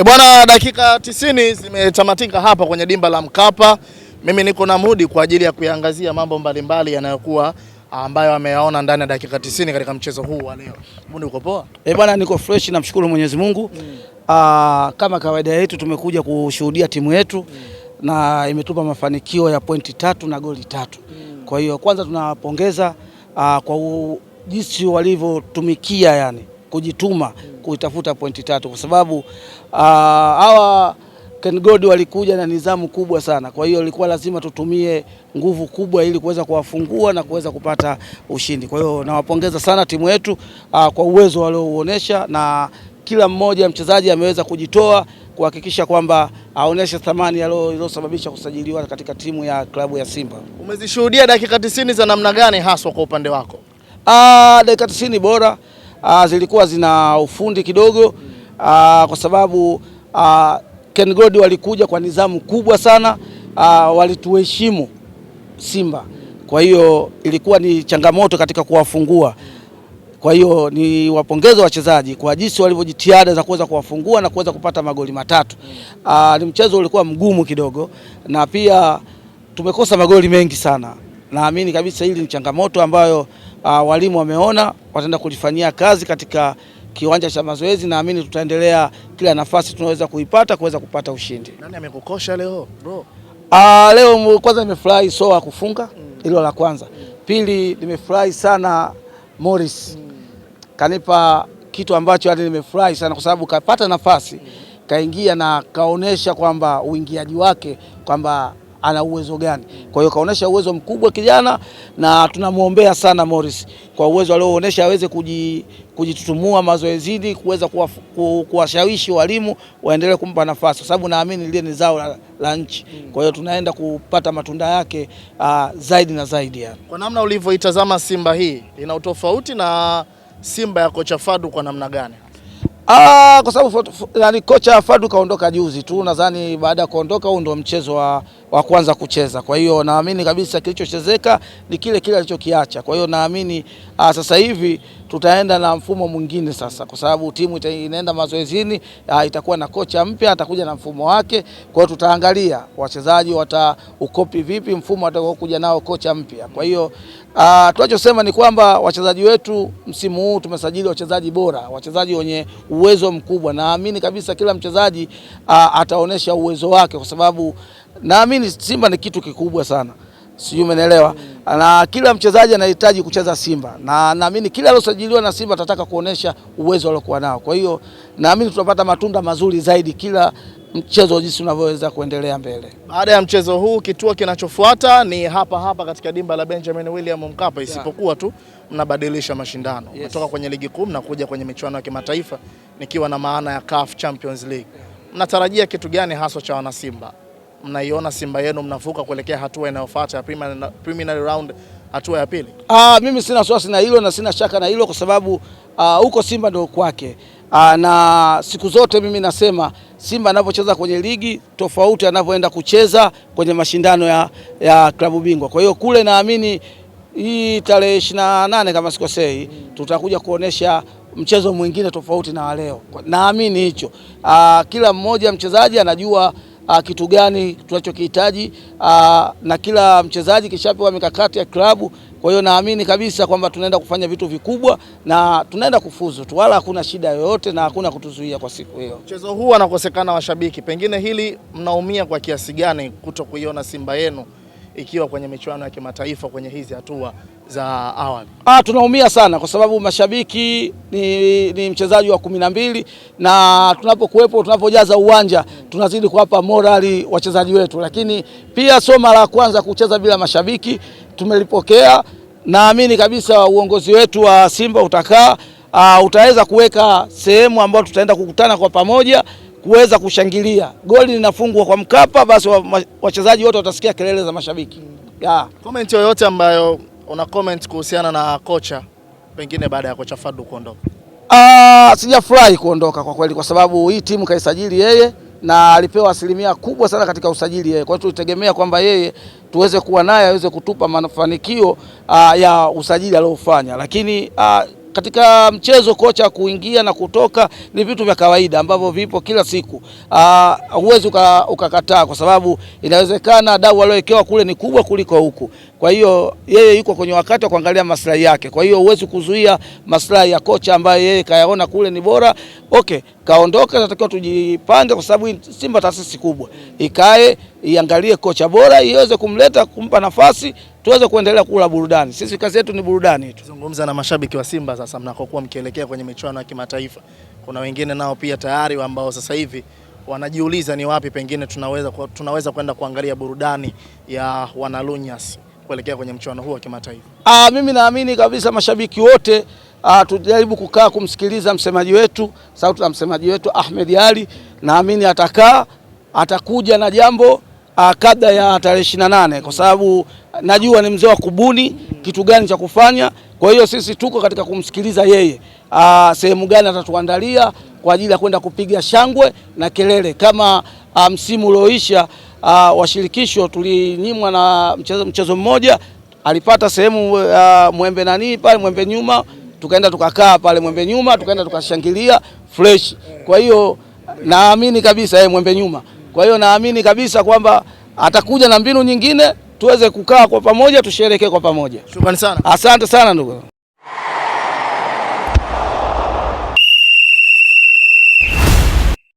E bwana, dakika tisini zimetamatika hapa kwenye dimba la Mkapa. Mimi niko na mudi kwa ajili ya kuyaangazia mambo mbalimbali yanayokuwa ah, ambayo ameyaona ndani ya dakika tisini katika mchezo huu wa leo. Mudi, uko poa? Eh bwana, niko fresh, namshukuru Mwenyezi Mungu mm. Aa, ah, kama kawaida yetu tumekuja kushuhudia timu yetu mm. na imetupa mafanikio ya pointi tatu na goli tatu mm. kwa hiyo kwanza tunawapongeza ah, kwa jinsi walivyotumikia yani kujituma kuitafuta pointi tatu, kwa sababu ah, hawa Ken Gold walikuja na nidhamu kubwa sana. Kwa hiyo ilikuwa lazima tutumie nguvu kubwa ili kuweza kuwafungua na kuweza kupata ushindi. Kwa hiyo nawapongeza sana timu yetu ah, kwa uwezo waliouonesha na kila mmoja mchezaji ameweza kujitoa kuhakikisha kwamba aoneshe thamani aliyosababisha kusajiliwa katika timu ya klabu ya Simba. Umezishuhudia dakika 90 za namna gani haswa kwa upande wako? Ah, dakika 90 bora uh, zilikuwa zina ufundi kidogo uh, kwa sababu uh, ah, KenGold walikuja kwa nidhamu kubwa sana uh, walituheshimu Simba, kwa hiyo ilikuwa ni changamoto katika kuwafungua. Kwa hiyo ni wapongeze wachezaji kwa jinsi walivyojitihada za kuweza kuwafungua na kuweza kupata magoli matatu. Aa, ni mchezo ulikuwa mgumu kidogo na pia tumekosa magoli mengi sana naamini kabisa hili ni changamoto ambayo uh, walimu wameona wataenda kulifanyia kazi katika kiwanja cha mazoezi. Naamini tutaendelea kila nafasi tunaweza kuipata kuweza kupata ushindi. Nani amekukosha leo bro? Uh, leo kwanza nimefurahi Soa kufunga mm. hilo mm. la kwanza mm. Pili nimefurahi sana Morris mm. kanipa kitu ambacho hadi nimefurahi sana kwa sababu kapata nafasi mm. kaingia na kaonesha kwamba uingiaji wake kwamba ana uwezo gani. Kwa hiyo kaonesha uwezo mkubwa kijana, na tunamwombea sana Morris kwa uwezo alioonyesha aweze kujitutumua mazoezini, kuweza kuwashawishi walimu waendelee kumpa nafasi, kwa sababu naamini lile ni zao la, la nchi. Mm. Kwa hiyo tunaenda kupata matunda yake uh, zaidi na zaidi yani. Kwa namna ulivyoitazama Simba hii ina utofauti na Simba ya kocha Fadu kwa namna gani? Ah, kwa sababu yani kocha Fadu kaondoka juzi tu, nadhani baada ya kuondoka, huu ndio mchezo wa wa kwanza kucheza. Kwa hiyo naamini kabisa kilichochezeka ni kile kile alichokiacha. Kwa hiyo naamini ah, sasa hivi tutaenda na mfumo mwingine sasa, kwa sababu timu inaenda mazoezini, ah, itakuwa na kocha mpya, atakuja na mfumo wake. Kwa hiyo tutaangalia wachezaji wataukopi vipi mfumo atakokuja nao kocha mpya. Kwa hiyo ah, tunachosema ni kwamba wachezaji wetu msimu huu tumesajili wachezaji bora, wachezaji wenye uwezo mkubwa. Naamini kabisa kila mchezaji ataonyesha uwezo wake kwa sababu naamini Simba ni kitu kikubwa sana, sijui umeelewa. Na kila mchezaji anahitaji kucheza Simba, na naamini kila alosajiliwa na Simba atataka kuonesha uwezo aliokuwa nao. Kwa hiyo naamini tutapata matunda mazuri zaidi kila mchezo jinsi unavyoweza kuendelea mbele. Baada ya mchezo huu, kituo kinachofuata ni hapa hapa katika dimba la Benjamin William Mkapa, isipokuwa tu mnabadilisha mashindano kutoka kwenye ligi kuu na kuja kwenye michuano ya kimataifa, nikiwa na maana ya CAF Champions League. Mnatarajia kitu gani haswa cha wanasimba? mnaiona Simba yenu mnavuka kuelekea hatua inayofuata ya preliminary round, hatua ya pili? Ah, mimi sina wasiwasi na hilo na sina shaka na hilo kwa sababu ah, huko Simba ndio kwake. Aa, ah, na siku zote mimi nasema Simba anapocheza kwenye ligi tofauti anapoenda kucheza kwenye mashindano ya, ya klabu bingwa. Kwa hiyo kule naamini hii tarehe ishirini na nane kama sikosei, tutakuja kuonesha mchezo mwingine tofauti na leo, naamini hicho. Ah, kila mmoja mchezaji anajua Ah, kitu gani tunachokihitaji ah, na kila mchezaji kishapewa mikakati ya klabu. Kwa hiyo naamini kabisa kwamba tunaenda kufanya vitu vikubwa na tunaenda kufuzu tu, wala hakuna shida yoyote na hakuna kutuzuia kwa siku hiyo. Mchezo huu anakosekana washabiki, pengine hili mnaumia kwa kiasi gani kuto kuiona Simba yenu ikiwa kwenye michuano ya kimataifa kwenye hizi hatua za awali? Ah, tunaumia sana kwa sababu mashabiki ni, ni mchezaji wa kumi na mbili na tunapokuwepo, tunapojaza uwanja tunazidi kuwapa morali wachezaji wetu, lakini pia sio mara ya kwanza kucheza bila mashabiki. Tumelipokea, naamini kabisa uongozi wetu wa Simba utakaa, uh, utaweza kuweka sehemu ambayo tutaenda kukutana kwa pamoja kuweza kushangilia. Goli linafungwa kwa Mkapa, basi wachezaji wote watasikia kelele za mashabiki yeah. Comment yoyote ambayo una comment kuhusiana na kocha pengine baada ya kocha Fadu kuondoka? Ah, sijafurahi kuondoka kwa kweli, kwa sababu hii timu kaisajili yeye na alipewa asilimia kubwa sana katika usajili yeye. Kwa hiyo tulitegemea kwamba yeye tuweze kuwa naye aweze kutupa mafanikio ah, ya usajili aliofanya, lakini aa, ah, katika mchezo kocha kuingia na kutoka ni vitu vya kawaida ambavyo vipo kila siku. Ah, huwezi ukakataa uka kwa sababu inawezekana dau aliowekewa kule ni kubwa kuliko huku. Kwa hiyo yeye yuko kwenye wakati wa kuangalia maslahi yake, kwa hiyo huwezi kuzuia maslahi ya kocha ambaye yeye kayaona kule ni bora. Okay, kaondoka, natakiwa tujipange, kwa sababu Simba taasisi kubwa, ikae iangalie kocha bora iweze kumleta kumpa nafasi tuweze kuendelea kula burudani. Sisi kazi yetu ni burudani tu. Zungumza na mashabiki wa Simba sasa, mnakokuwa mkielekea kwenye michuano ya kimataifa, kuna wengine nao pia tayari ambao sasa hivi wanajiuliza ni wapi pengine tunaweza tunaweza kwenda kuangalia burudani ya wanalunyas kuelekea kwenye mchuano huu wa kimataifa. Ah, mimi naamini kabisa mashabiki wote ah, tujaribu kukaa kumsikiliza msemaji wetu, sauti ya msemaji wetu Ahmed Ali. Naamini atakaa atakuja na jambo ah, kabla ya tarehe 28 kwa sababu najua ni mzee wa kubuni kitu gani cha kufanya. Kwa hiyo sisi tuko katika kumsikiliza yeye, ah, sehemu gani atatuandalia kwa ajili ya kwenda kupiga shangwe na kelele kama a, ah, msimu ulioisha ah, washirikisho tulinyimwa na mchezo, mchezo mmoja alipata sehemu mwembe nani pale mwembe nyuma, tukaenda tukakaa pale mwembe nyuma, tukaenda tukashangilia fresh. Kwa hiyo naamini kabisa yeye mwembe nyuma, kwa hiyo naamini kabisa kwamba atakuja na mbinu nyingine tuweze kukaa kwa pamoja, tusherekee kwa pamoja. Shukrani sana, asante sana ndugu.